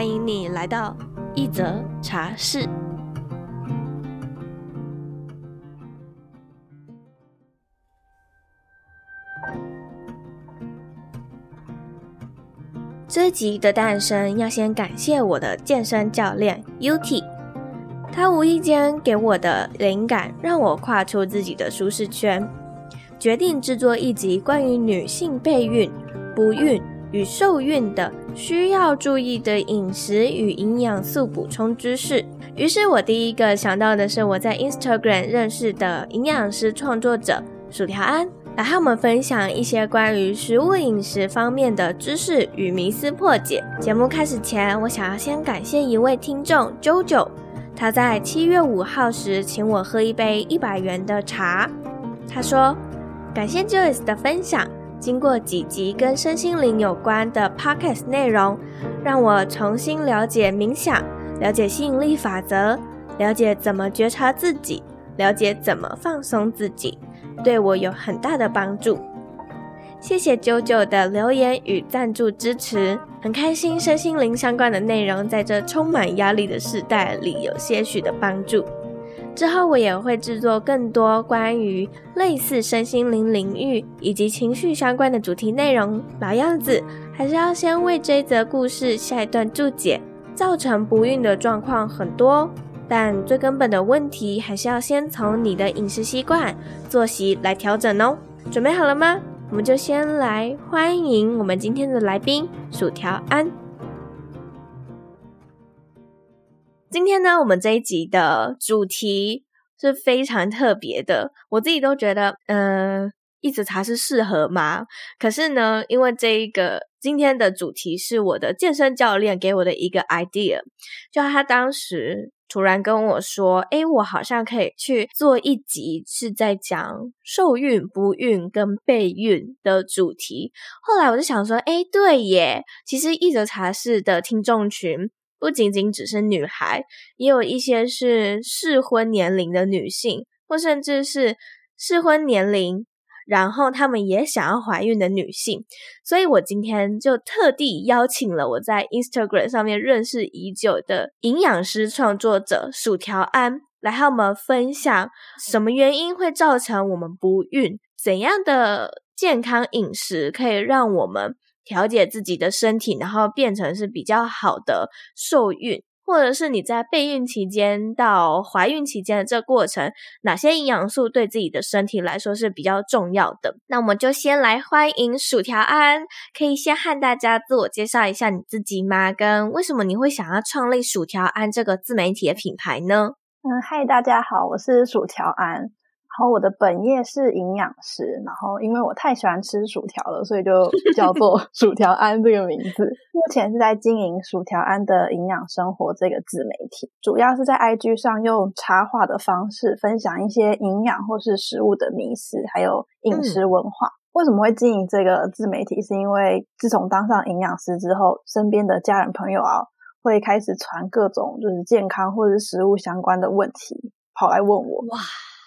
歡迎你來到一則茶室。這集的誕生要先感謝我的健身教練 Yuty，她無意間給我的靈感，讓我跨出自己的舒適圈，決定制作一集關於女性備孕、不孕。與受孕的需要注意的飲食與營養素補充知識。於是，我第一個想到的是我在 Instagram 認識的營養師創作者薯條安，來和我們分享一些關於食物飲食方面的知識與迷思破解。節目開始前，我想要先感謝一位聽眾 JoJo，他在七月五號時請我喝一杯一百元的茶。他說：“感謝 Joyce 的分享。”經過幾集跟身心靈有關的 podcast 內容，讓我重新了解冥想，了解吸引力法則，了解怎麼覺察自己，了解怎麼放鬆自己，對我有很大的幫助。謝謝 JoJo 的留言與贊助支持，很開心身心靈相關的內容在這充滿壓力的世代裡有些許的幫助。之後我也會製作更多關於類似身心靈領域以及情緒相關的主題內容。老樣子，還是要先為這一則故事下一段注解。造成不孕的狀況很多，但最根本的問題還是要先從你的飲食習慣、作息來調整哦。準備好了嗎？我們就先來歡迎我們今天的來賓，薯條安。今天呢，我們這一集的主題是非常特別的，我自己都覺得，嗯，一則茶室適合嗎？可是呢，因為這一個今天的主題是我的健身教練給我的一個 idea，就他當時突然跟我說，哎、欸，我好像可以去做一集是在講受孕、不孕跟備孕的主題。後來我就想說，哎、欸，對耶，其實一則茶室的聽眾群。不僅僅只是女孩，也有一些是適婚年齡的女性，或甚至是適婚年齡，然後她們也想要懷孕的女性。所以，我今天就特地邀請了我在 Instagram 上面認識已久的營養師創作者薯條安，來和我們分享什麼原因會造成我們不孕，怎樣的健康飲食可以讓我們，調節自己的身體，然後變成是比較好的受孕，或者是你在備孕期間到懷孕期間的這過程，哪些營養素對自己的身體來說是比較重要的？那我們就先來歡迎薯條安，可以先和大家自我介紹一下你自己嗎？跟為什麼你會想要創立薯條安這個自媒體的品牌呢？嗯，嗨，大家好，我是薯條安。然後我的本業是營養師，然後因為我太喜歡吃薯條了，所以就叫做薯條安這個名字。 目前是在經營薯條安的營養生活這個自媒體，主要是在 IG 上用插畫的方式分享一些營養或是食物的迷思，還有飲食文化。嗯、為什麼會經營這個自媒體？是因為自從當上營養師之後，身邊的家人朋友啊會開始傳各種就是健康或是食物相關的問題，跑來問我哇。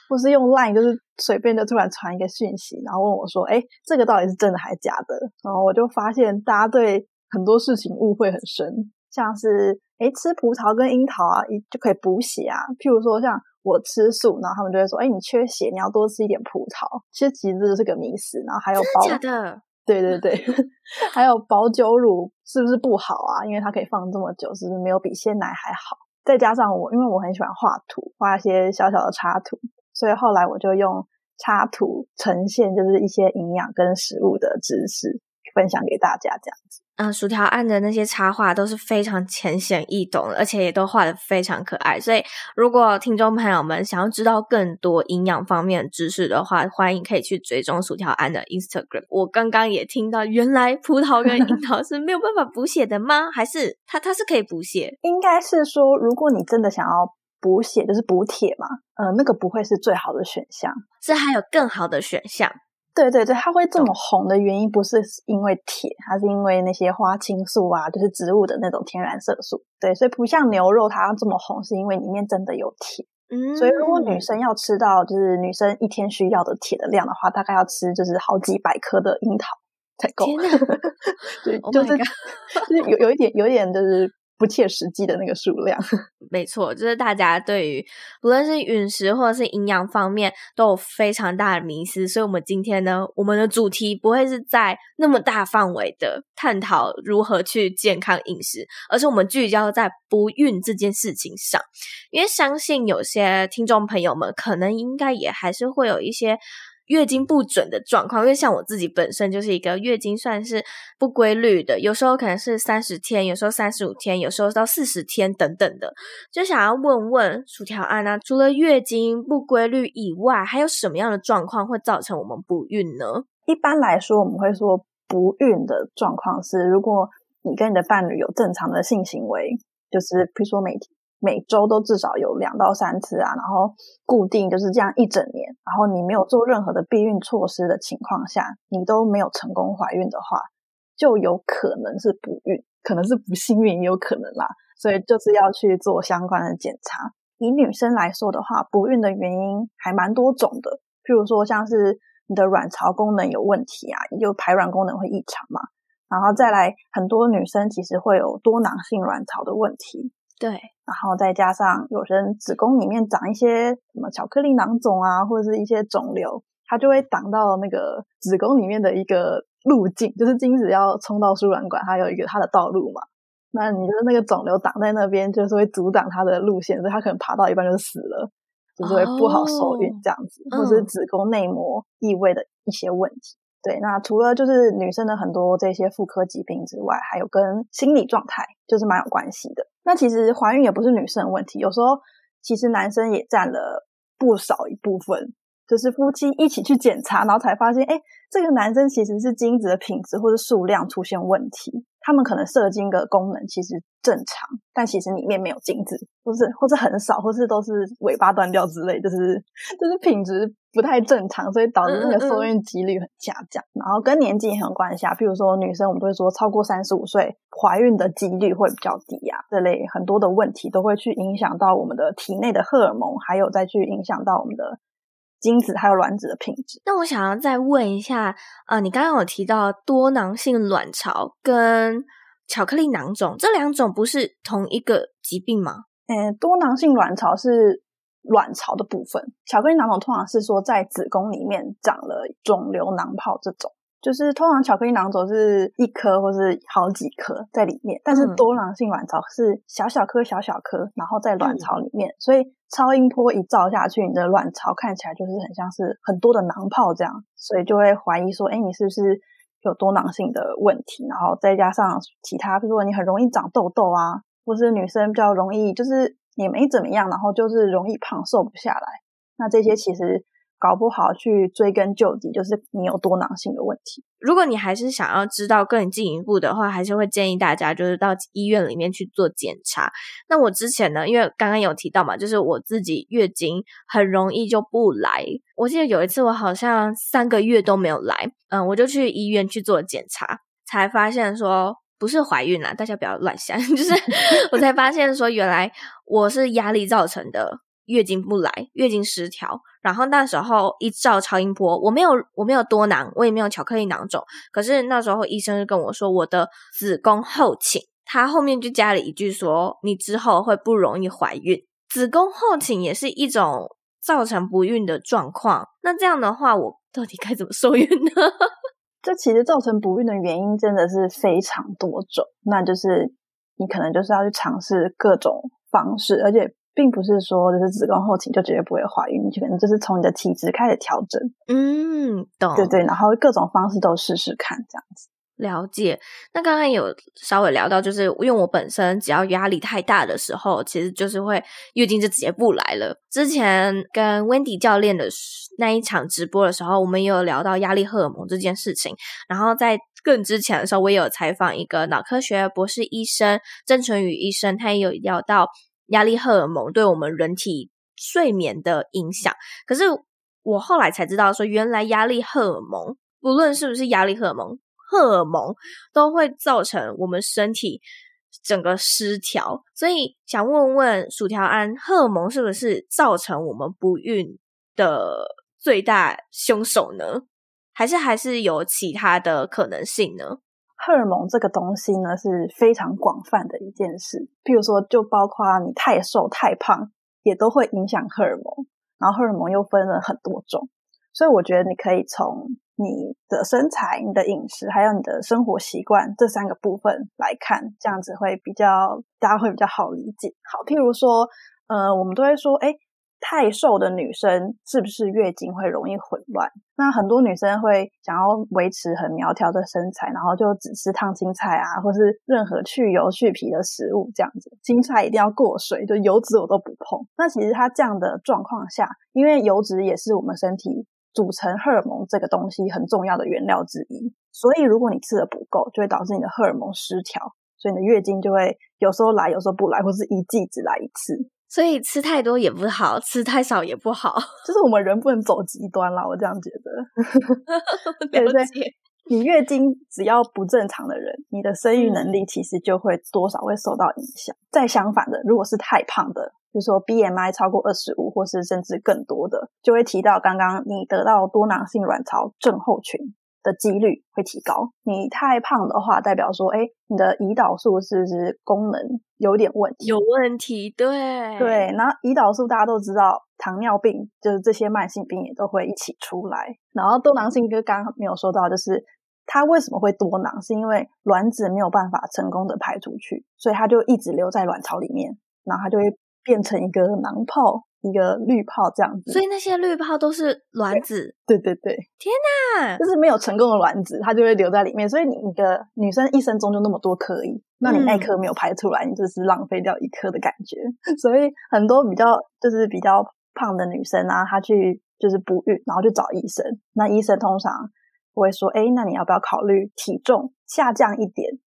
不是用 Line，就是隨便就突然傳一個訊息，然後問我說：“哎、欸，這個到底是真的還是假的？”然後我就發現大家對很多事情誤會很深，像是哎、欸、吃葡萄跟櫻桃啊，一就可以補血啊。譬如說像我吃素，然後他們就會說：“哎、欸，你缺血，你要多吃一點葡萄。”其實其實這就是個迷思。然後還有保的，的，對對對， 還有保久乳是不是不好啊？因為它可以放這麼久，是不是沒有比鮮奶還好？再加上我因為我很喜歡畫圖，畫一些小小的插圖。所以後來我就用插圖呈現，就是一些營養跟食物的知識分享給大家，這樣子。嗯，薯條安的那些插畫都是非常淺顯易懂的，而且也都畫得非常可愛。所以如果聽眾朋友們想要知道更多營養方面知識的話，歡迎可以去追蹤薯條安的 Instagram。我剛剛也聽到，原來葡萄跟櫻桃是沒有辦法補血的嗎？ 還是它它是可以補血？應該是說，如果你真的想要。補血就是補鐵嘛，呃，那個不會是最好的選項，是還有更好的選項。對對對，它會這麼紅的原因不是因為鐵，它是因為那些花青素啊，就是植物的那種天然色素。對，所以不像牛肉，它要這麼紅是因為裡面真的有鐵。嗯，所以如果女生要吃到就是女生一天需要的鐵的量的話，大概要吃就是好幾百顆的櫻桃才夠。天哪 對，oh 就是，就是就有有一點有一點就是。不切實際的那個數量， 沒錯，就是大家對於不論是飲食或者是營養方面都有非常大的迷思。所以，我們今天呢，我們的主題不會是在那麼大範圍的探討如何去健康飲食，而是我們聚焦在不孕這件事情上，因為相信有些聽眾朋友們可能應該也還是會有一些。月經不準的狀況，因為像我自己本身就是一個月經算是不規律的，有時候可能是三十天，有時候三十五天，有時候到四十天等等的，就想要問問薯條安啊，除了月經不規律以外，還有什麼樣的狀況會造成我們不孕呢？一般來說，我們會說不孕的狀況是，如果你跟你的伴侶有正常的性行為，就是比如說每天。每週都至少有兩到三次啊，然後固定就是這樣一整年，然後你沒有做任何的避孕措施的情況下，你都沒有成功懷孕的話，就有可能是不孕，可能是不幸運也有可能啦，所以就是要去做相關的檢查。以女生來說的話，不孕的原因還蠻多種的，譬如說像是你的卵巢功能有問題啊，你就排卵功能會異常嘛，然後再來很多女生其實會有多囊性卵巢的問題。對，然後再加上有些人子宮裡面長一些什麼巧克力囊腫啊，或者是一些腫瘤，它就會擋到那個子宮裡面的一個路徑，就是精子要衝到輸卵管，它有一個它的道路嘛。那你的那個腫瘤擋在那邊，就是會阻擋它的路線，所以它可能爬到一半就死了，就是會不好受孕，oh, 這樣子，或者是子宮內膜異位的一些問題。對，那除了就是女生的很多這些婦科疾病之外，還有跟心理狀態就是蠻有關係的。那其實懷孕也不是女生的問題，有時候其實男生也佔了不少一部分。就是夫妻一起去檢查，然後才發現，哎，這個男生其實是精子的品質或者數量出現問題。他們可能射精的功能其實正常，但其實裡面沒有精子，或是或是很少，或是都是尾巴斷掉之類，就是就是品質。不太正常，所以導致那個受孕幾率很下降，嗯嗯、然後跟年紀也很關係啊。譬如說女生，我們都會說超過三十五歲，懷孕的幾率會比較低呀，啊？這類很多的問題都會去影響到我們的體內的荷爾蒙，還有再去影響到我們的精子還有卵子的品質。那我想要再問一下，呃，你剛剛有提到多囊性卵巢跟巧克力囊腫這兩種不是同一個疾病嗎？嗯，多囊性卵巢是。卵巢的部分，巧克力囊腫通常是說在子宮裡面長了腫瘤囊泡，這種就是通常巧克力囊腫是一顆或是好幾顆在裡面，但是多囊性卵巢是小小顆小小顆，然後在卵巢裡面，嗯、所以超音波一照下去，你的卵巢看起來就是很像是很多的囊泡這樣，所以就會懷疑說，哎，你是不是有多囊性的問題？然後再加上其他，比如說你很容易長痘痘啊，或是女生比較容易就是。也沒怎麼樣，然後就是容易胖，瘦不下來。那這些其實搞不好去追根究底，就是你有多囊性的問題。如果你還是想要知道更進一步的話，還是會建議大家就是到醫院裡面去做檢查。那我之前呢，因為剛剛有提到嘛，就是我自己月經很容易就不來。我記得有一次我好像三個月都沒有來，嗯，我就去醫院去做檢查，才發現說，不是懷孕啦、啊，大家不要亂想。就是我才發現，說原來我是壓力造成的月經不來、月經失調。然後那時候一照超音波，我沒有我沒有多囊，我也沒有巧克力囊腫。可是那時候醫生就跟我說，我的子宮後傾，他後面就加了一句說，你之後會不容易懷孕。子宮後傾也是一種造成不孕的狀況。那這樣的話，我到底該怎麼受孕呢？這其實，造成不孕的原因真的是非常多種，那就是你可能就是要去嘗試各種方式，而且並不是說就是子宮後傾就絕對不會懷孕，你就可能就是從你的體質開始調整，嗯，懂，對對，然後各種方式都試試看，這樣子。了解，那剛剛有稍微聊到，就是因為我本身，只要壓力太大的時候，其實就是會月經就直接不來了。之前跟 Wendy 教練的那一場直播的時候，我們也有聊到壓力荷爾蒙這件事情。然後在更之前的時候，我也有採訪一個腦科學博士醫生，鄭淳予醫生，他也有聊到壓力荷爾蒙對我們人體睡眠的影響。可是我後來才知道說，原來壓力荷爾蒙，不論是不是壓力荷爾蒙。荷爾蒙都會造成我們身體整個失調，所以想問問薯條安，荷爾蒙是不是造成我們不孕的最大凶手呢？還是還是有其他的可能性呢？荷爾蒙這個東西呢，是非常廣泛的一件事，譬如說，就包括你太瘦太胖也都會影響荷爾蒙，然後荷爾蒙又分了很多種，所以我覺得你可以從你的身材、你的飲食，還有你的生活習慣這三個部分來看，這樣子會比較，大家會比較好理解。好，譬如說，呃，我們都會說，誒，太瘦的女生是不是月經會容易混亂？那很多女生會想要維持很苗條的身材，然後就只吃燙青菜啊，或是任何去油去皮的食物這樣子。青菜一定要過水，就油脂我都不碰。那其實它這樣的狀況下，因為油脂也是我們身體。組成荷爾蒙這個東西很重要的原料之一，所以如果你吃的不夠，就會導致你的荷爾蒙失調，所以你的月經就會有時候來，有時候不來，或是一季只來一次。所以吃太多也不好，吃太少也不好，就是我們人不能走極端了。我這樣覺得， 了解。對不對？你月經只要不正常的人，你的生育能力其實就會多少會受到影響。嗯、再相反的，如果是太胖的。就是說 BMI 超過二十五，或是甚至更多的，就會提到剛剛你得到多囊性卵巢症候群的幾率會提高。你太胖的話，代表說，哎，你的胰島素是不是功能有點問題？有問題，對。對，然後胰島素大家都知道，糖尿病就是這些慢性病也都會一起出來。然後多囊性，就剛剛沒有說到，就是它為什麼會多囊，是因為卵子沒有辦法成功的排出去，所以它就一直留在卵巢裡面，然後它就會。變成一個囊泡，一個濾泡這樣子，所以那些濾泡都是卵子。對,對對對，天哪，就是沒有成功的卵子，它就會留在裡面。所以你一個女生一生中就那麼多顆，而已，那你那顆沒有排出來，你就是浪費掉一顆的感覺。嗯、所以很多比較就是比較胖的女生啊，她去就是不孕，然後去找醫生，那醫生通常會說，哎、欸，那你要不要考慮體重下降一點？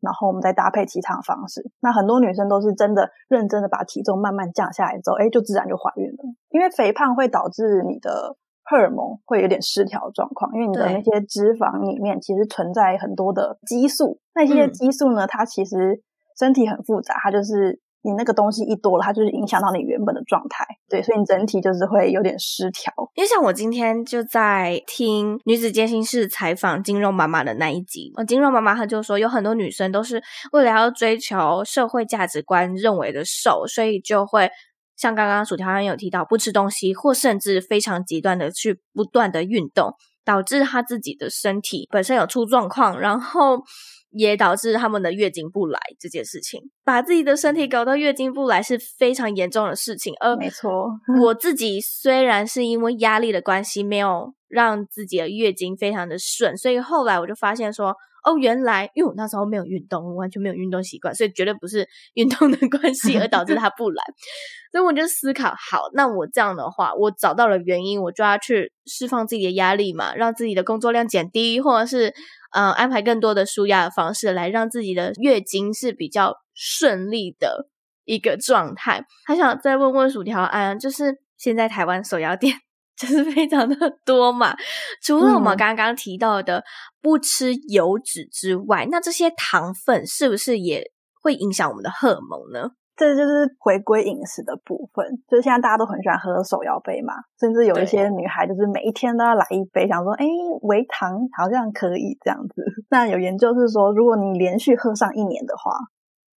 然後我們再搭配其他的方式，那很多女生都是真的認真的把體重慢慢降下來之後，哎，就自然就懷孕了。因為肥胖會導致你的荷爾蒙會有點失調狀況，因為你的那些脂肪裡面其實存在很多的激素，那些激素呢，嗯、它其實身體很複雜，它就是。你那個東西一多了，它就是影響到你原本的狀態，對，所以你整體就是會有點失調。因為像我今天就在聽《女子健心室》採訪筋肉媽媽的那一集，啊，筋肉媽媽她就說，有很多女生都是為了要追求社會價值觀認為的瘦，所以就會像剛剛薯條安有提到，不吃東西或甚至非常極端的去不斷的運動。導致他自己的身體本身有出狀況，然後也導致他們的月經不來這件事情，把自己的身體搞到月經不來是非常嚴重的事情。呃，沒錯，我自己雖然是因為壓力的關係，沒有讓自己的月經非常的順，所以後來我就發現說。哦，原來因為我那時候沒有運動，我完全沒有運動習慣，所以絕對不是運動的關係而導致他不來。 所以我就思考，好，那我這樣的話，我找到了原因，我就要去釋放自己的壓力嘛，讓自己的工作量減低，或者是嗯、呃、安排更多的舒壓的方式來讓自己的月經是比較順利的一個狀態。還想再問問薯條安，就是現在台灣手搖店。就是非常的多嘛，除了我們剛剛提到的不吃油脂之外，嗯、那這些糖分是不是也會影響我們的荷爾蒙呢？這就是回歸飲食的部分，就現在大家都很喜歡喝手搖杯嘛，甚至有一些女孩就是每一天都要來一杯，想說，對哎，微糖好像可以這樣子。那有研究是說，如果你連續喝上一年的話。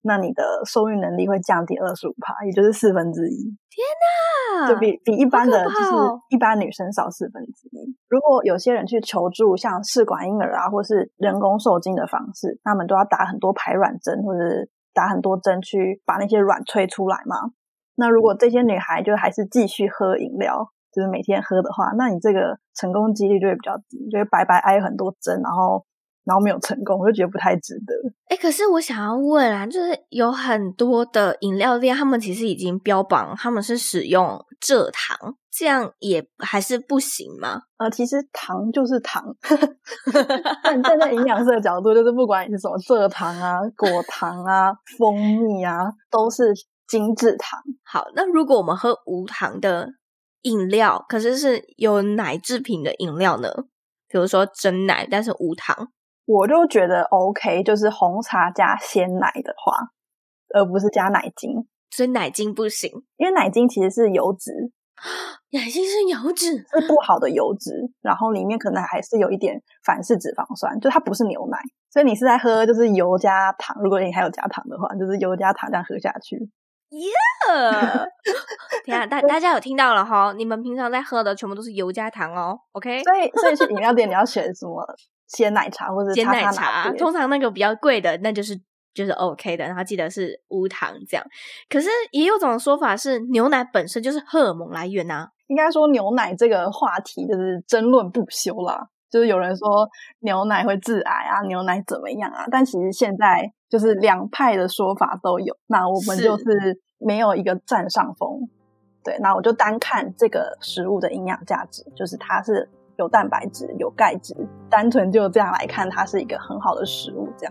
那你的受孕能力會降低二十五趴，也就是四分之一。天哪，就比比一般的，就是一般女生少四分之一。如果有些人去求助，像試管嬰兒啊，或是人工受精的方式，那他們都要打很多排卵針，或者是打很多針去把那些卵催出來嘛。那如果這些女孩就還是繼續喝飲料，就是每天喝的話，那你這個成功幾率就會比較低，就會白白挨很多針，然後。然後沒有成功，我就覺得不太值得。誒、欸、可是我想要問啊，就是有很多的飲料店，他們其實已經標榜他們是使用蔗糖，這樣也還是不行嗎？呃，其實糖就是糖。 但站在營養師的角度，就是不管你是什麼蔗糖啊、果糖啊、蜂蜜啊，都是精製糖。好，那如果我們喝無糖的飲料，可是是有奶制品的飲料呢？比如說真奶，但是無糖。我就覺得 OK，就是紅茶加鮮奶的話，而不是加奶精，所以奶精不行，因為奶精其實是油脂，啊、奶精是油脂，是不好的油脂，然後裡面可能還是有一點反式脂肪酸，就它不是牛奶，所以你是在喝就是油加糖，如果你還有加糖的話，就是油加糖這樣喝下去。耶 Yeah! 等下 大家有聽到了哈，哦，你們平常在喝的全部都是油加糖哦。OK，所以所以去飲料店你要選什麼？ 鮮奶茶或者鮮奶茶，啊，通常那個比較貴的，那就是就是 OK 的，然後記得是無糖這樣。可是也有種說法是，牛奶本身就是荷爾蒙來源啊，應該說牛奶這個話題就是爭論不休啦。就是有人說牛奶會致癌啊，牛奶怎麼樣啊？但其實現在就是兩派的說法都有，那我們就是沒有一個佔上風。是對，那我就單看這個食物的營養價值，就是它是。有蛋白質，有鈣質，單純就這樣來看，它是一個很好的食物。這樣，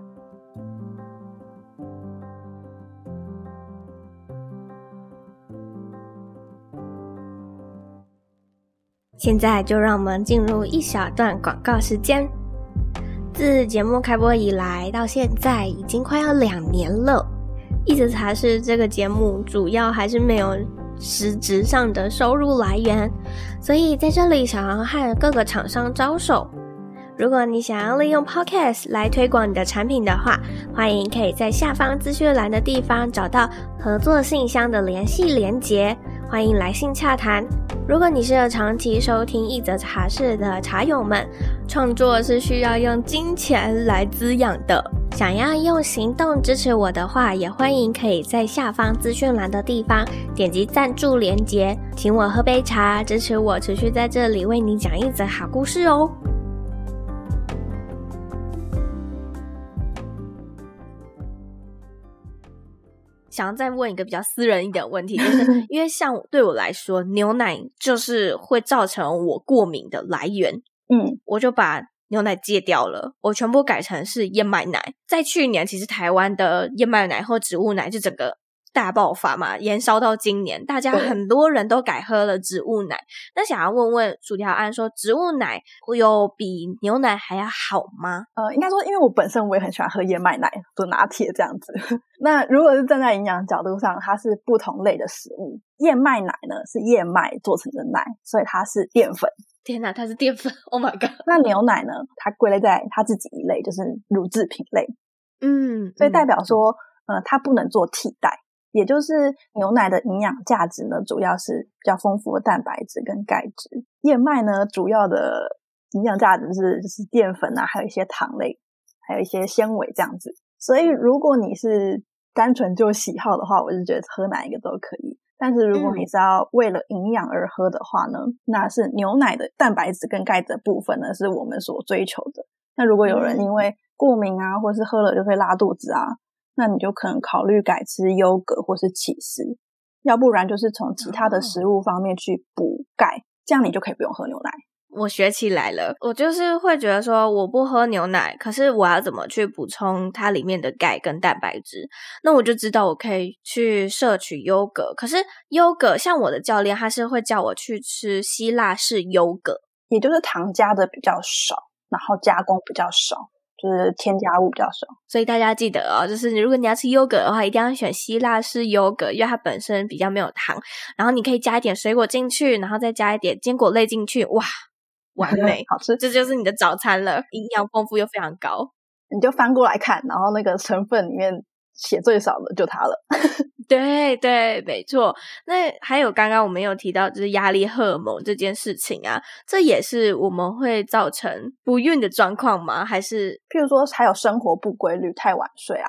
現在就讓我們進入一小段廣告時間。自節目開播以來，到現在已經快要兩年了，一直還是這個節目，主要還是沒有。實質上的收入來源，所以在這裡，想要和各個廠商招手。如果你想要利用 Podcast 來推廣你的產品的話，歡迎可以在下方資訊欄的地方找到合作信箱的聯繫連結。歡迎來信洽談。如果你是要長期收聽一則茶室的茶友們，創作是需要用金錢來滋養的。想要用行動支持我的話，也歡迎可以在下方資訊欄的地方點擊贊助連結，請我喝杯茶，支持我持續在這裡為你講一則好故事哦。想要再問一個比較私人一點的問題，就是因為像對我來說， 牛奶就是會造成我過敏的來源。嗯，我就把牛奶戒掉了，我全部改成是燕麥奶。在去年，其實台灣的燕麥奶和植物奶就整個。大爆發嘛，延燒到今年，大家很多人都改喝了植物奶。對那想要問問薯條安，說植物奶會有比牛奶還要好嗎？呃，應該說，因為我本身我也很喜歡喝燕麥奶做拿鐵這樣子。 那如果是站在營養角度上，它是不同類的食物。燕麥奶呢是燕麥做成的奶，所以它是澱粉。天哪，它是澱粉！Oh my god！那牛奶呢？它歸類在它自己一類，就是乳製品類。嗯，所以代表說，嗯、呃，它不能做替代。也就是牛奶的營養價值呢，主要是比較豐富的蛋白質跟鈣質。燕麥呢，主要的營養價值是就是澱粉啊，還有一些糖類，還有一些纖維這樣子。所以如果你是單純就喜好的話，我就覺得喝哪一個都可以。但是如果你是要為了營養而喝的話呢，嗯、那是牛奶的蛋白質跟鈣質的部分呢，是我們所追求的。那如果有人因為過敏啊，或是喝了就會拉肚子啊。那你就可能考慮改吃優格或是起司，要不然就是從其他的食物方面去補鈣，嗯。這樣你就可以不用喝牛奶。我學起來了，我就是會覺得說我不喝牛奶，可是我要怎麼去補充它裡面的鈣跟蛋白質？那我就知道我可以去攝取優格。可是優格，像我的教練，他是會叫我去吃希臘式優格，也就是糖加的比較少，然後加工比較少。就是添加物比較少，所以大家記得哦，就是如果你要吃 yogurt 的話，一定要選希臘式 yogurt，因為它本身比較沒有糖。然後你可以加一點水果進去，然後再加一點堅果類進去，哇，完美， 好吃！這就是你的早餐了，營養豐富又非常高。你就翻過來看，然後那個成分裡面。血最少的就他了， 對對，沒錯。那還有剛剛我們有提到就是壓力荷爾蒙這件事情啊，這也是我們會造成不孕的狀況嗎？還是譬如說還有生活不規律、太晚睡啊？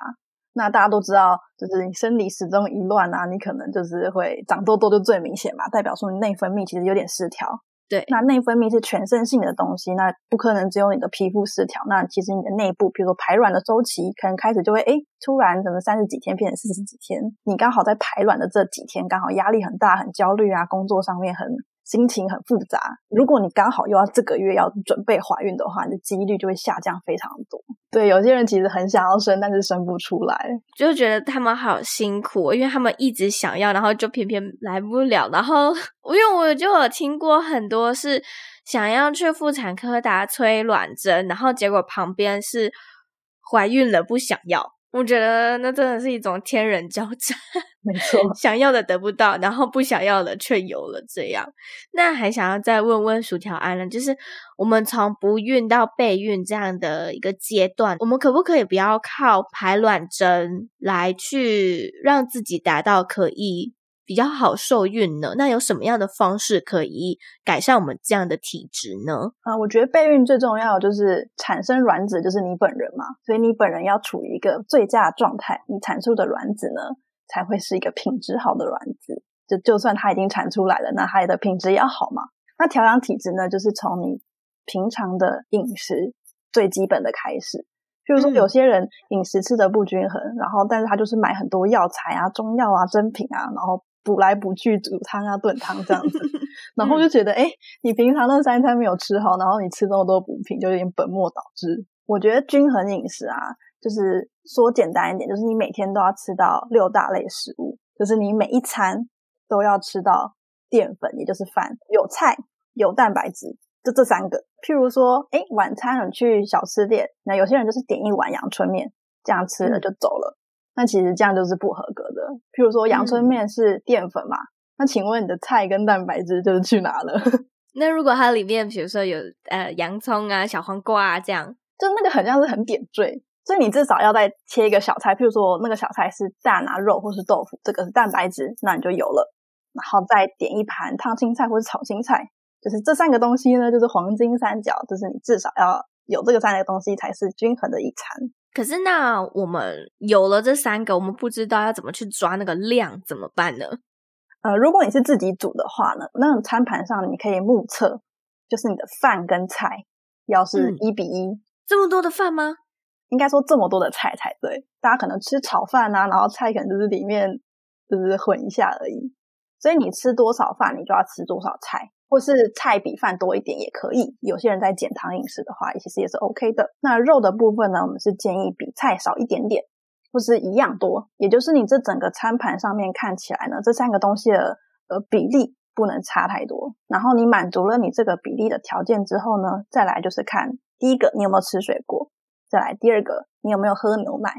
那大家都知道，就是你生理時鐘一亂啊，你可能就是會長痘痘，就最明顯嘛，代表說你內分泌其實有點失調。對，那內分泌是全身性的東西，那不可能只有你的皮膚失調。那其實你的內部，比如說排卵的週期，可能開始就會，哎，突然怎麼三十幾天變成四十幾天？你剛好在排卵的這幾天，剛好壓力很大、很焦慮啊，工作上面很。心情很複雜。如果你剛好又要這個月要準備懷孕的話，你的幾率就會下降非常多。對，有些人其實很想要生，但是生不出來，就覺得他們好辛苦，因為他們一直想要，然後就偏偏來不了。然後，因為我就有聽過很多是想要去婦產科打催卵針，然後結果旁邊是懷孕了，不想要。我覺得那真的是一種天人交戰，沒錯。 想要的得不到，然後不想要的卻有了，這樣那還想要再問問薯條安了，就是我們從不孕到備孕這樣的一個階段，我們可不可以不要靠排卵針來去讓自己達到可以？比較好受孕呢？那有什麼樣的方式可以改善我們這樣的體質呢？啊，我覺得備孕最重要就是產生卵子，就是你本人嘛，所以你本人要處於一個最佳狀態，你產出的卵子呢才會是一個品質好的卵子。就就算它已經產出來了，那它的品質也要好嘛。那調養體質呢，就是從你平常的飲食最基本的開始，譬如說有些人飲食吃的不均衡，嗯、然後但是他就是買很多藥材啊、中藥啊、珍品啊，然後。補來補去，煮湯啊燉湯這樣子， 然後就覺得哎，你平常那三餐沒有吃好，然後你吃這麼多補品，就有點本末倒置。我覺得均衡飲食啊，就是說簡單一點，就是你每天都要吃到六大類食物，就是你每一餐都要吃到澱粉，也就是飯，有菜，有蛋白質，就這三個。譬如說，哎，晚餐你去小吃店，那有些人就是點一碗陽春麵，這樣吃了就走了，嗯、那其實這樣就是不合格的。譬如說，陽春麵是澱粉嘛？嗯，那請問你的菜跟蛋白質就是去哪了？那如果它裡面，譬如說有呃洋蔥啊、小黃瓜啊這樣，就那個很像是很點綴，所以你至少要再切一個小菜，譬如說那個小菜是蛋啊、肉或是豆腐，這個是蛋白質，那你就有了。然後再點一盤燙青菜或是炒青菜，就是這三個東西呢，就是黃金三角，就是你至少要有這個三個東西才是均衡的一餐。可是，那我們有了這三個，我們不知道要怎麼去抓那個量怎麼辦呢？呃，如果你是自己煮的話呢，那餐盤上你可以目測，就是你的飯跟菜要是一比一。嗯，這麼多的飯嗎？應該說這麼多的菜才對。大家可能吃炒飯啊，然後菜可能就是裡面就是混一下而已。所以你吃多少飯，你就要吃多少菜。或是菜比飯多一點也可以，有些人在減糖飲食的話，其實也是 OK 的。那肉的部分呢，我們是建議比菜少一點點，或是一樣多，也就是你這整個餐盤上面看起來呢，這三個東西的呃比例不能差太多。然後你滿足了你這個比例的條件之後呢，再來就是看第一個你有沒有吃水果，再來第二個你有沒有喝牛奶，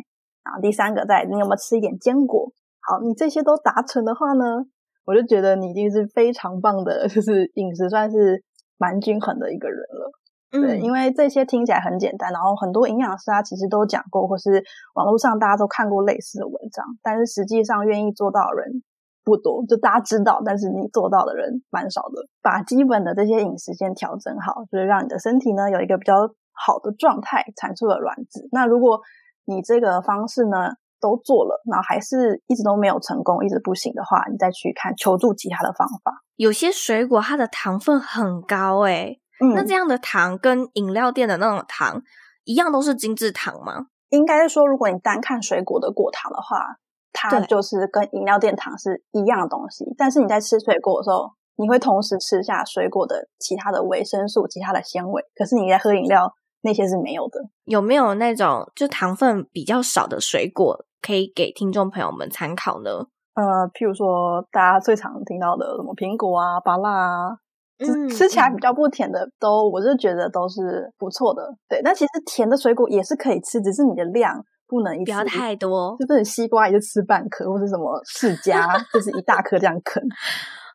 然後第三個再來你有沒有吃一點堅果。好，你這些都達成的話呢，我就覺得你一定是非常棒的，就是飲食算是蠻均衡的一個人了。嗯、對，因為這些聽起來很簡單，然後很多營養師他、啊、其實都講過，或是網絡上大家都看過類似的文章，但是實際上願意做到的人不多。就大家知道，但是你做到的人蠻少的。把基本的這些飲食先調整好，就是讓你的身體呢有一個比較好的狀態，產出了卵子。那如果你這個方式呢？都做了，然後還是一直都沒有成功，一直不行的話，你再去看求助其他的方法。有些水果它的糖分很高、欸，哎、嗯，那這樣的糖跟飲料店的那種糖一樣都是精製糖嗎？應該是說，如果你單看水果的果糖的話，它就是跟飲料店糖是一樣的東西。對但是你在吃水果的時候，你會同時吃下水果的其他的維生素、其他的纖維，可是你在喝飲料，那些是沒有的。有沒有那種就糖分比較少的水果？可以給聽眾朋友們參考呢？呃，譬如說，大家最常聽到的什麼蘋果啊、芭樂啊、嗯，吃起來比較不甜的，嗯、都我就覺得都是不錯的。對，但其實甜的水果也是可以吃，只是你的量不能一次不要太多。就是西瓜也就吃半顆，或者什麼釋迦 就是一大顆這樣啃。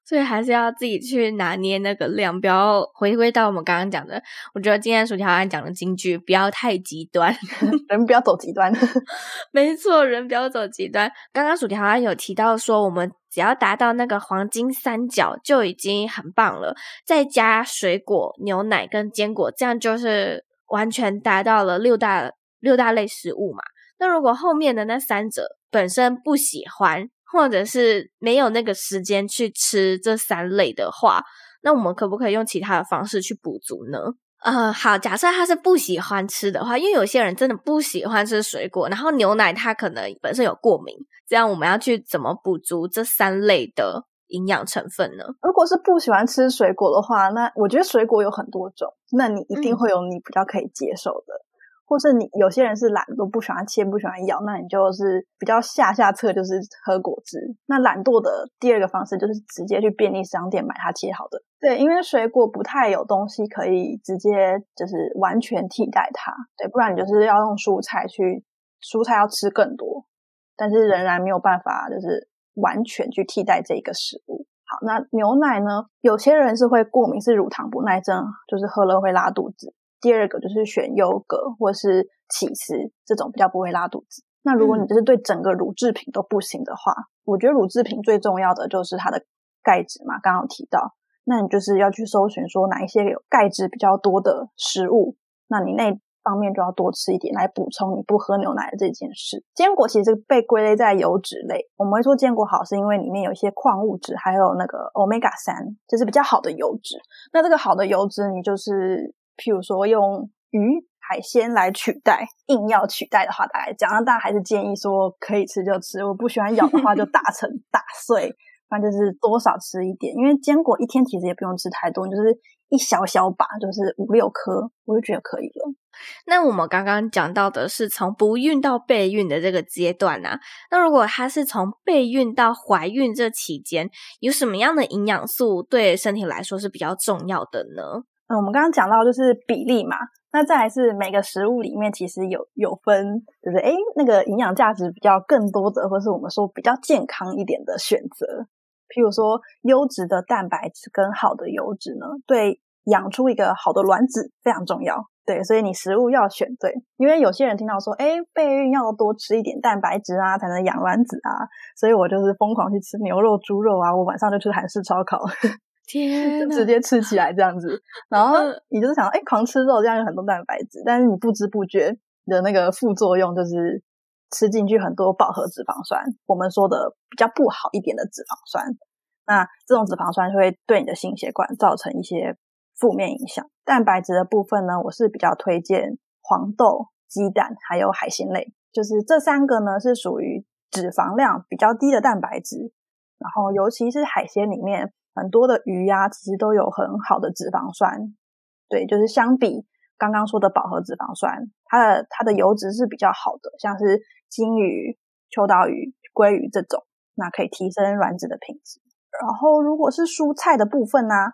所以還是要自己去拿捏那個量，不要回歸到我們剛剛講的。我覺得今天薯條安講的金句，不要太極端， 人不要走極端。 沒錯，人不要走極端。剛剛薯條安有提到說，我們只要達到那個黃金三角就已經很棒了，再加水果、牛奶跟堅果，這樣就是完全達到了六大六大類食物嘛。那如果後面的那三者本身不喜歡，或者是沒有那個時間去吃這三類的話，那我們可不可以用其他的方式去補足呢？嗯、呃，好，假設他是不喜歡吃的話，因為有些人真的不喜歡吃水果，然後牛奶他可能本身有過敏，這樣我們要去怎麼補足這三類的營養成分呢？如果是不喜歡吃水果的話，那我覺得水果有很多種，那你一定會有你比較可以接受的。嗯或是你有些人是懶惰，不喜歡切，不喜歡咬，那你就是比較下下策，就是喝果汁。那懶惰的第二個方式就是直接去便利商店買它切好的。對，因為水果不太有東西可以直接就是完全替代它。對，不然你就是要用蔬菜去，蔬菜要吃更多，但是仍然沒有辦法就是完全去替代這一個食物。好，那牛奶呢？有些人是會過敏，是乳糖不耐症，就是喝了會拉肚子。第二個就是選優格或是起司這種比較不會拉肚子。那如果你就是對整個乳製品都不行的話，嗯、我覺得乳製品最重要的就是它的鈣質嘛，剛剛提到，那你就是要去搜尋說哪一些有鈣質比較多的食物，那你那方面就要多吃一點來補充你不喝牛奶的這件事。堅果其實被歸類在油脂類，我們會說堅果好是因為裡面有一些礦物質，還有那個 Omega 3，就是比較好的油脂。那這個好的油脂，你就是。譬如說用魚、海鮮來取代，硬要取代的話，大概講那大家還是建議說可以吃就吃，我不喜歡咬的話就打成打碎，反正 就是多少吃一點。因為堅果一天其實也不用吃太多，就是一小小把，就是五六顆，我就覺得可以了。那我們剛剛講到的是從不孕到備孕的這個階段啊，那如果它是從備孕到懷孕這期間，有什麼樣的營養素對身體來說是比較重要的呢？嗯，我們剛剛講到就是比例嘛，那再來是每個食物裡面其實有有分，就是誒那個營養價值比較更多的，或是我們說比較健康一點的選擇，譬如說優質的蛋白質跟好的油脂呢，對養出一個好的卵子非常重要。對，所以你食物要選對，因為有些人聽到說誒備孕要多吃一點蛋白質啊，才能養卵子啊，所以我就是瘋狂去吃牛肉、豬肉啊，我晚上就吃韓式燒烤。 天，就直接吃起來這樣子，然後你就是想，誒、欸、狂吃肉，這樣有很多蛋白質，但是你不知不覺的那個副作用就是吃進去很多飽和脂肪酸，我們說的比較不好一點的脂肪酸，那這種脂肪酸就會對你的心血管造成一些負面影響。蛋白質的部分呢，我是比較推薦黃豆、雞蛋還有海鮮類，就是這三個呢是屬於脂肪量比較低的蛋白質，然後尤其是海鮮裡面。很多的魚呀、啊，其實都有很好的脂肪酸，對，就是相比剛剛說的飽和脂肪酸，它的它的油脂是比較好的，像是金魚、秋刀魚、鮭魚這種，那可以提升卵子的品質。然後如果是蔬菜的部分呢、啊，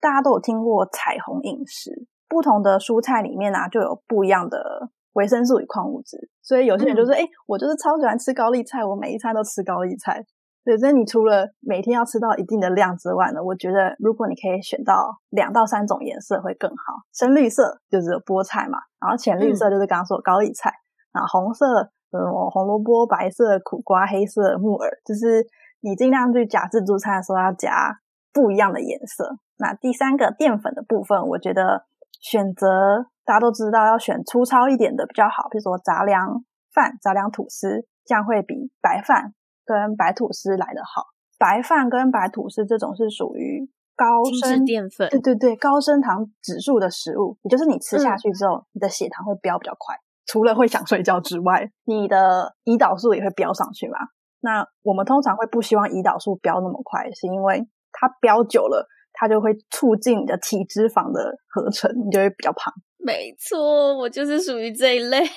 大家都有聽過彩虹飲食，不同的蔬菜裡面呢、啊、就有不一樣的維生素與礦物質，所以有些人就說、是，哎、嗯，我就是超喜歡吃高麗菜，我每一餐都吃高麗菜。對，所以你除了每天要吃到一定的量之外呢，我覺得如果你可以選到兩到三種顏色會更好。深綠色就是菠菜嘛，然後淺綠色就是剛剛說的高麗菜，那、嗯、紅色嗯紅蘿蔔、白色苦瓜、黑色木耳，就是你盡量去夾自助餐的時候要夾不一樣的顏色。那第三個澱粉的部分，我覺得選擇大家都知道要選粗糙一點的比較好，比如說雜糧飯、雜糧吐司，這樣會比白飯。跟白吐司來的好，白飯跟白吐司這種是屬於高升澱粉，對對對，高升糖指數的食物，也就是你吃下去之後，是你的血糖會飆比較快，除了會想睡覺之外，你的胰島素也會飆上去嘛。那我們通常會不希望胰島素飆那麼快，是因為它飆久了，它就會促進你的體脂肪的合成，你就會比較胖。沒錯，我就是屬於這一類。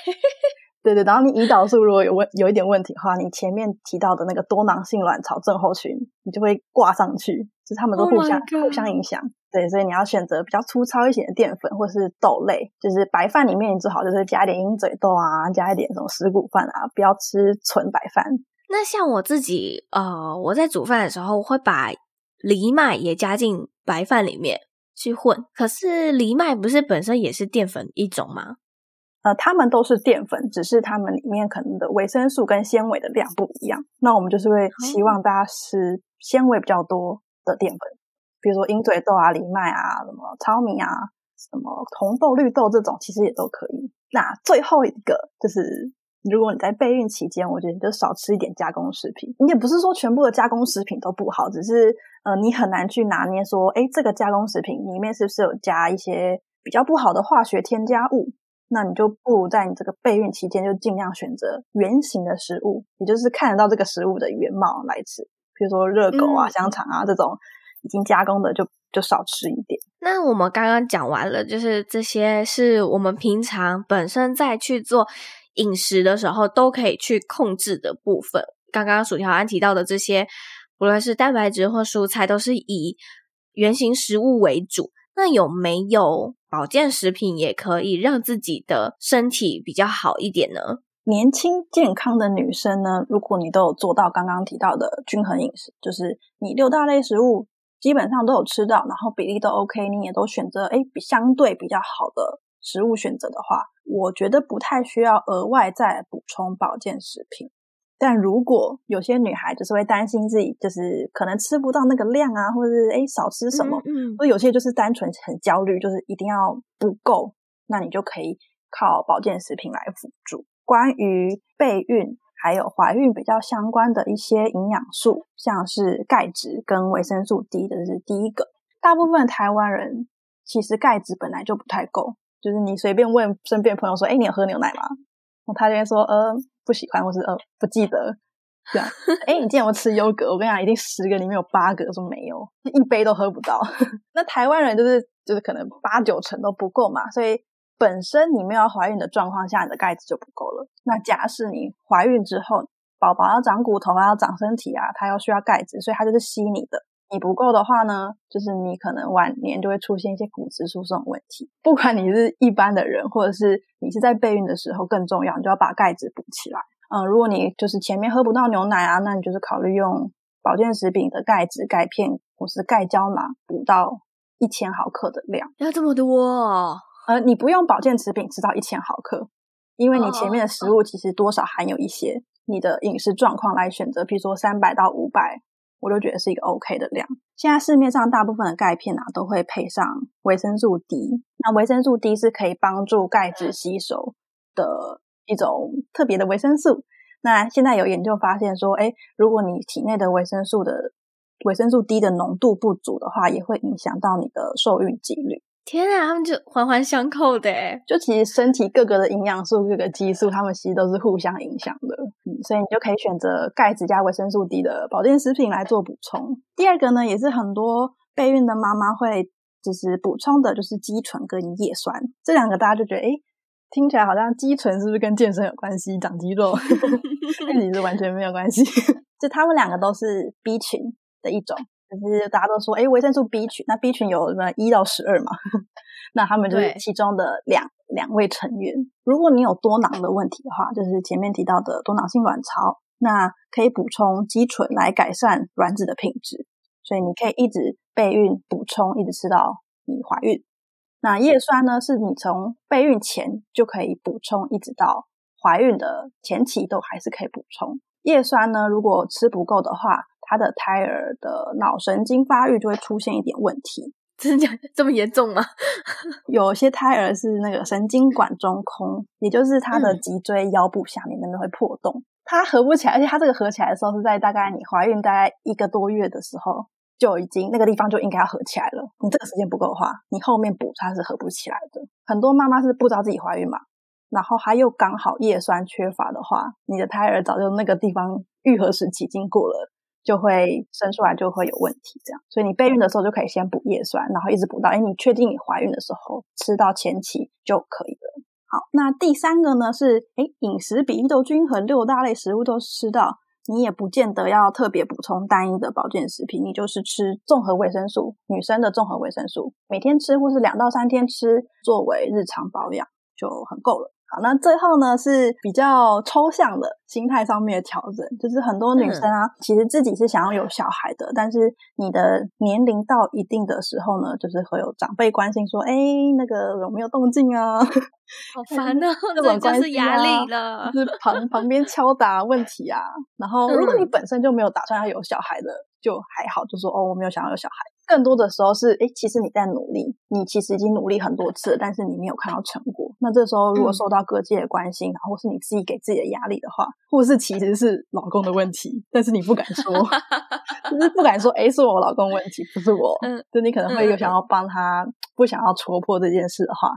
對對，然後你胰島素如果有問有一點問題的話，你前面提到的那個多囊性卵巢症候群，你就會掛上去，就是他們都互相、oh、互相影響。對，所以你要選擇比較粗糙一些的澱粉，或是豆類，就是白飯裡面你最好就是加一點鷹嘴豆啊，加一點什麼十穀飯啊，不要吃純白飯。那像我自己，呃，我在煮飯的時候我會把藜麥也加進白飯裡面去混。可是藜麥不是本身也是澱粉一種嗎？呃，它們都是澱粉，只是它們裡面可能的維生素跟纖維的量不一樣。那我們就是會希望大家吃纖維比較多的澱粉，哦、比如說鷹嘴豆啊、藜麥啊、什麼糙米啊、什麼紅豆、綠豆這種，其實也都可以。那最後一個就是，如果你在備孕期間，我覺得你就少吃一點加工食品。你也不是說全部的加工食品都不好，只是呃，你很難去拿捏說，哎、欸，這個加工食品裡面是不是有加一些比較不好的化學添加物？那你就不如在你這個備孕期間，就盡量選擇原型的食物，也就是看得到這個食物的原貌來吃。比如說熱狗啊、嗯、香腸啊這種已經加工的就，就就少吃一點。那我們剛剛講完了，就是這些是我們平常本身在去做飲食的時候都可以去控制的部分。剛剛薯條安提到的這些，不論是蛋白質或蔬菜，都是以原型食物為主。那有沒有保健食品也可以讓自己的身體比較好一點呢？年輕健康的女生呢，如果你都有做到剛剛提到的均衡飲食，就是你六大類食物基本上都有吃到，然後比例都 OK，你也都選擇哎比相對比較好的食物選擇的話，我覺得不太需要額外再補充保健食品。但如果有些女孩就是會擔心自己，就是可能吃不到那個量啊，或者是誒少吃什麼，嗯，嗯，或有些就是單純很焦慮，就是一定要不夠，那你就可以靠保健食品來輔助。關於備孕還有懷孕比較相關的一些營養素，像是鈣質跟維生素 D，這是第一個。大部分的台灣人其實鈣質本來就不太夠，就是你隨便問身邊的朋友說，哎，你有喝牛奶嗎？他就會說，呃，不喜歡，或是呃，不記得，這樣。哎，你今天有沒有吃優格？我跟你講，一定十個裡面有八個說沒有，一杯都喝不到。 那台灣人就是就是可能八九成都不夠嘛，所以本身你沒有懷孕的狀況下，你的鈣質就不夠了。那假設你懷孕之後，寶寶要長骨頭啊，要長身體啊，他要需要鈣質，所以他就是吸你的。你不夠的話呢，就是你可能晚年就會出現一些骨質疏鬆問題。不管你是一般的人，或者是你是在備孕的時候，更重要，你就要把鈣質補起來。嗯、呃，如果你就是前面喝不到牛奶啊，那你就是考慮用保健食品的鈣質鈣片或是鈣膠囊補到一千毫克的量。要這麼多？呃，你不用保健食品，吃到一千毫克，因為你前面的食物其實多少含有一些，你的飲食狀況來選擇，比如說三百到五百。我就覺得是一個 OK 的量。現在市面上大部分的鈣片啊，都會配上維生素 D。那維生素 D 是可以幫助鈣質吸收的一種特別的維生素。那現在有研究發現說，誒，如果你體內的維生素的維生素 D 的濃度不足的話，也會影響到你的受孕幾率。天啊，他們就環環相扣的誒，就其實身體各個的營養素、各個激素，他們其實都是互相影響的。嗯，所以你就可以選擇鈣質加維生素 D 的保健食品來做補充。第二個呢，也是很多備孕的媽媽會就是補充的，就是肌醇跟葉酸。這兩個大家就覺得，哎，聽起來好像肌醇是不是跟健身有關係，長肌肉？跟 其實完全沒有關係， 就他們兩個都是 B 群的一種。就是大家都說，哎，維生素 B 群，那 B 群有什麼一到十二嘛？ 那他們就是其中的兩對兩位成員。如果你有多囊的問題的話，就是前面提到的多囊性卵巢，那可以補充肌醇來改善卵子的品質。所以你可以一直備孕補充，一直吃到你懷孕。那葉酸呢？是你從備孕前就可以補充，一直到懷孕的前期都還是可以補充。葉酸呢，如果吃不夠的話。他的胎兒的腦神經發育就會出現一點問題，真的這麼嚴重嗎？ 有些胎兒是那個神經管中空，也就是他的脊椎腰部下面那邊會破洞，它、嗯、合不起來。而且它這個合起來的時候是在大概你懷孕大概一個多月的時候就已經那個地方就應該要合起來了。你這個時間不夠的話，你後面補它是合不起來的。很多媽媽是不知道自己懷孕嘛，然後還有剛好葉酸缺乏的話，你的胎兒早就那個地方癒合時期經過了。就會生出來就會有問題，這樣，所以你備孕的時候就可以先補葉酸，然後一直補到，哎，你確定你懷孕的時候吃到前期就可以了。好，那第三個呢是，哎，飲食比例都均衡，六大類食物都吃到，你也不見得要特別補充單一的保健食品，你就是吃綜合維生素，女生的綜合維生素，每天吃或是兩到三天吃，作為日常保養就很夠了。好，那最後呢是比較抽象的心態上面的調整，就是很多女生啊，嗯、其實自己是想要有小孩的，但是你的年齡到一定的時候呢，就是會有長輩關心說，哎、欸，那個有沒有動靜啊？好煩啊， 這種關係、啊、是壓力的， 就是旁旁邊敲打問題啊。然後，如果你本身就沒有打算要有小孩的，就還好，就說哦，我沒有想要有小孩。更多的時候是，哎、欸，其實你在努力，你其實已經努力很多次了，但是你沒有看到成果。那這時候如果受到各界的關心，然後、嗯、或是你自己給自己的壓力的話，或是其實是老公的問題， 但是你不敢說， 就是不敢說，哎、欸，是我老公問題，不是我。嗯，就你可能會有想要幫他，不想要戳破這件事的話。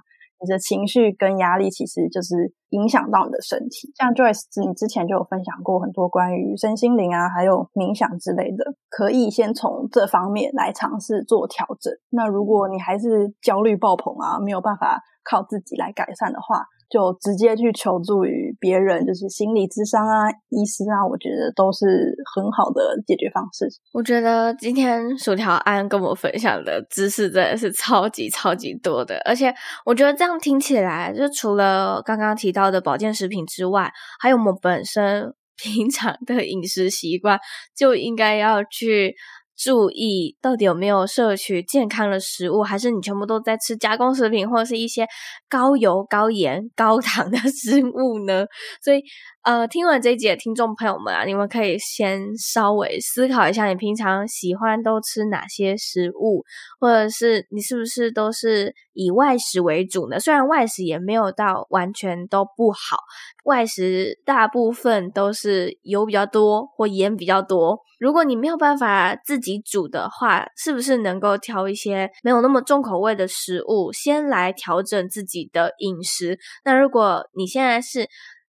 你的情緒跟壓力其實就是影響到你的身體，像 Joyce，你之前就有分享過很多關於身心靈啊，還有冥想之類的，可以先從這方面來嘗試做調整。那如果你還是焦慮爆棚啊，沒有辦法靠自己來改善的話，就直接去求助於別人，就是心理諮商啊、醫師啊，我覺得都是很好的解決方式。我覺得今天薯條安跟我分享的知識真的是超級超級多的，而且我覺得這樣聽起來，就除了剛剛提到的保健食品之外，還有我們本身平常的飲食習慣，就應該要去。注意，到底有沒有攝取健康的食物，還是你全部都在吃加工食品，或者是一些高油、高鹽、高糖的食物呢？所以。呃，聽完這一節，聽眾朋友們啊，你們可以先稍微思考一下，你平常喜歡都吃哪些食物，或者是你是不是都是以外食為主呢？雖然外食也沒有到完全都不好，外食大部分都是油比較多或鹽比較多。如果你沒有辦法自己煮的話，是不是能夠挑一些沒有那麼重口味的食物，先來調整自己的飲食？那如果你現在是。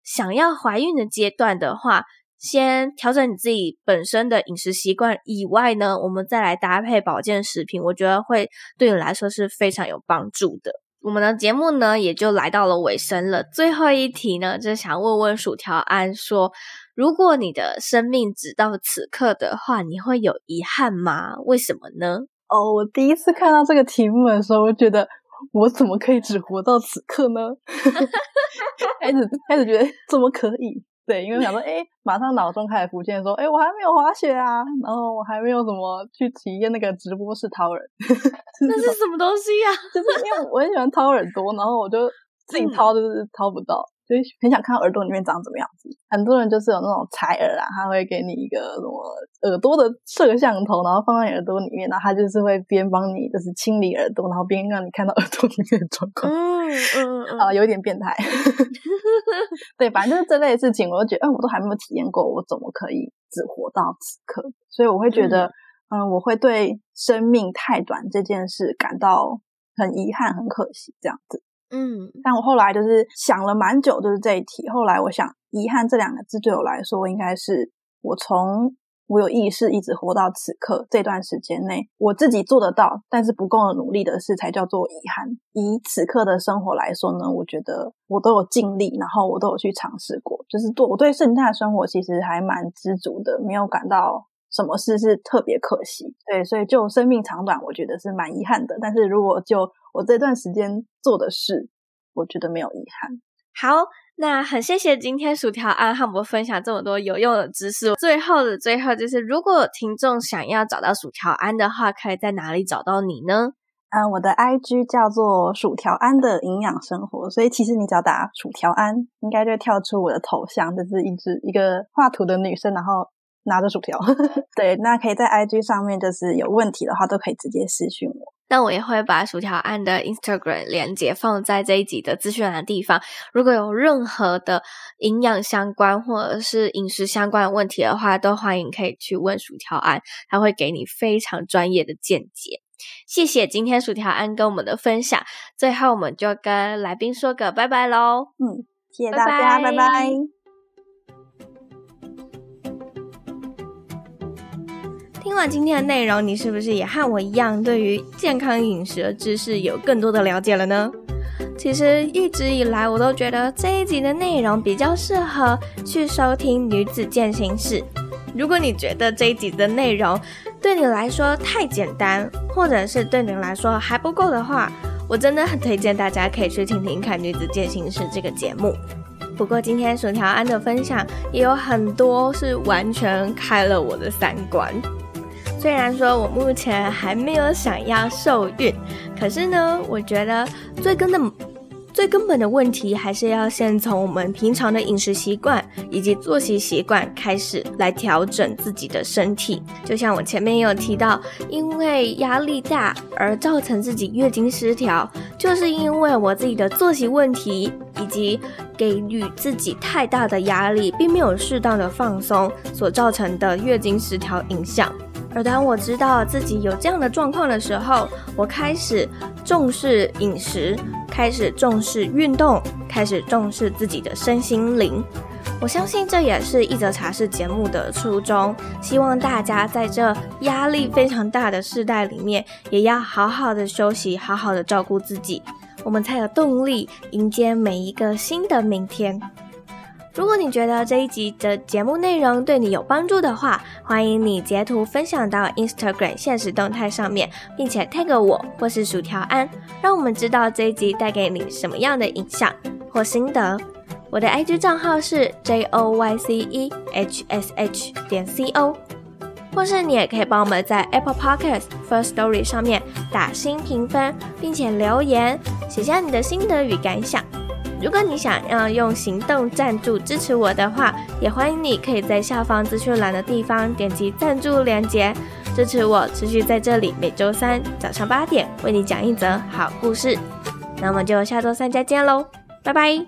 想要懷孕的階段的話，先調整你自己本身的飲食習慣以外呢，我們再來搭配保健食品，我覺得會對你來說是非常有幫助的。我們的節目呢也就來到了尾聲了，最後一題呢就想問問薯條安說，如果你的生命只到此刻的話，你會有遺憾嗎？為什麼呢？哦，我第一次看到這個題目的時候，我覺得。我怎麼可以只活到此刻呢？ 開始開始覺得、欸、怎麼可以？對，因為想說，哎、欸，馬上腦中開始浮現說，哎、欸，我還沒有滑雪啊，然後我還沒有怎麼去體驗那個直播式掏耳， 就是、那是什麼東西呀、啊？就是因為我很喜歡掏耳朵，然後我就自己掏就是掏不到。所以很想看耳朵裡面長怎麼樣子。很多人就是有那種採耳啊，他會給你一個什麼耳朵的攝像頭，然後放在耳朵裡面，然後他就是會邊幫你就是清理耳朵，然後邊讓你看到耳朵裡面的狀況。嗯嗯啊、呃，有一點變態。 對，反正就是這類事情，我都覺得、嗯，我都還沒有體驗過，我怎麼可以只活到此刻？所以我會覺得，嗯、嗯，我會對生命太短這件事感到很遺憾、很可惜，這樣子。嗯，但我後來就是想了蠻久，就是這一題。後來我想，遺憾這兩個字對我來說，應該是我從我有意識一直活到此刻這段時間內，我自己做得到，但是不夠努力的事，才叫做遺憾。以此刻的生活來說呢，我覺得我都有盡力，然後我都有去嘗試過，就是對。我對現在的生活其實還蠻知足的，沒有感到什麼事是特別可惜。對，所以就生命長短，我覺得是蠻遺憾的。但是如果就我這段時間做的事，我覺得沒有遺憾。好，那很謝謝今天薯條安和我們分享這麼多有用的知識。最後的最後，就是如果聽眾想要找到薯條安的話，可以在哪裡找到你呢？嗯，我的 IG 叫做薯條安的營養生活，所以其實你只要打薯條安，應該就會跳出我的頭像，這是就是一只一個畫圖的女生，然後。拿着薯條， 對，那可以在 IG 上面，就是有問題的話，都可以直接私訊我。那我也會把薯條安的 Instagram 連結放在這一集的資訊欄的地方。如果有任何的營養相關或者是飲食相關的問題的話，都歡迎可以去問薯條安，他會給你非常專業的見解。謝謝今天薯條安跟我們的分享。最後，我們就跟來賓說個拜拜嘍。嗯，謝謝大家，拜拜。拜拜聽完今天的內容，你是不是也和我一樣，對於健康飲食的知識有更多的了解了呢？其實一直以來，我都覺得這一集的內容比較適合去收聽《女子健身室》。如果你覺得這一集的內容對你來說太簡單，或者是對你來說還不夠的話，我真的很推薦大家可以去聽聽看《女子健身室》這個節目。不過今天薯條安的分享也有很多是完全開了我的三觀。雖然說，我目前還沒有想要受孕，可是呢，我覺得最根的、最根本的問題，還是要先從我們平常的飲食習慣以及作息習慣開始來調整自己的身體。就像我前面有提到，因為壓力大而造成自己月經失調，就是因為我自己的作息問題以及給予自己太大的壓力，並沒有適當的放鬆所造成的月經失調影響。而當我知道自己有這樣的狀況的時候，我開始重視飲食，開始重視運動，開始重視自己的身心靈。我相信這也是一則茶室節目的初衷，希望大家在這壓力非常大的世代裡面，也要好好的休息，好好的照顧自己，我們才有動力迎接每一個新的明天。如果你覺得這一集的節目內容對你有幫助的話，歡迎你截圖分享到 Instagram 現實動態上面，並且 tag 我或是薯條安，讓我們知道這一集帶給你什麼樣的影響或心得。我的 IG 賬號是 joycehsh 點 co，或是你也可以幫我們在 Apple Podcasts First Story 上面打星評分，並且留言寫下你的心得與感想。如果你想要用行動贊助支持我的話，也歡迎你可以在下方資訊欄的地方點擊贊助鏈接支持我，持續在這裡每周三早上八點為你講一則好故事。那我們就下周三再見嘍，拜拜。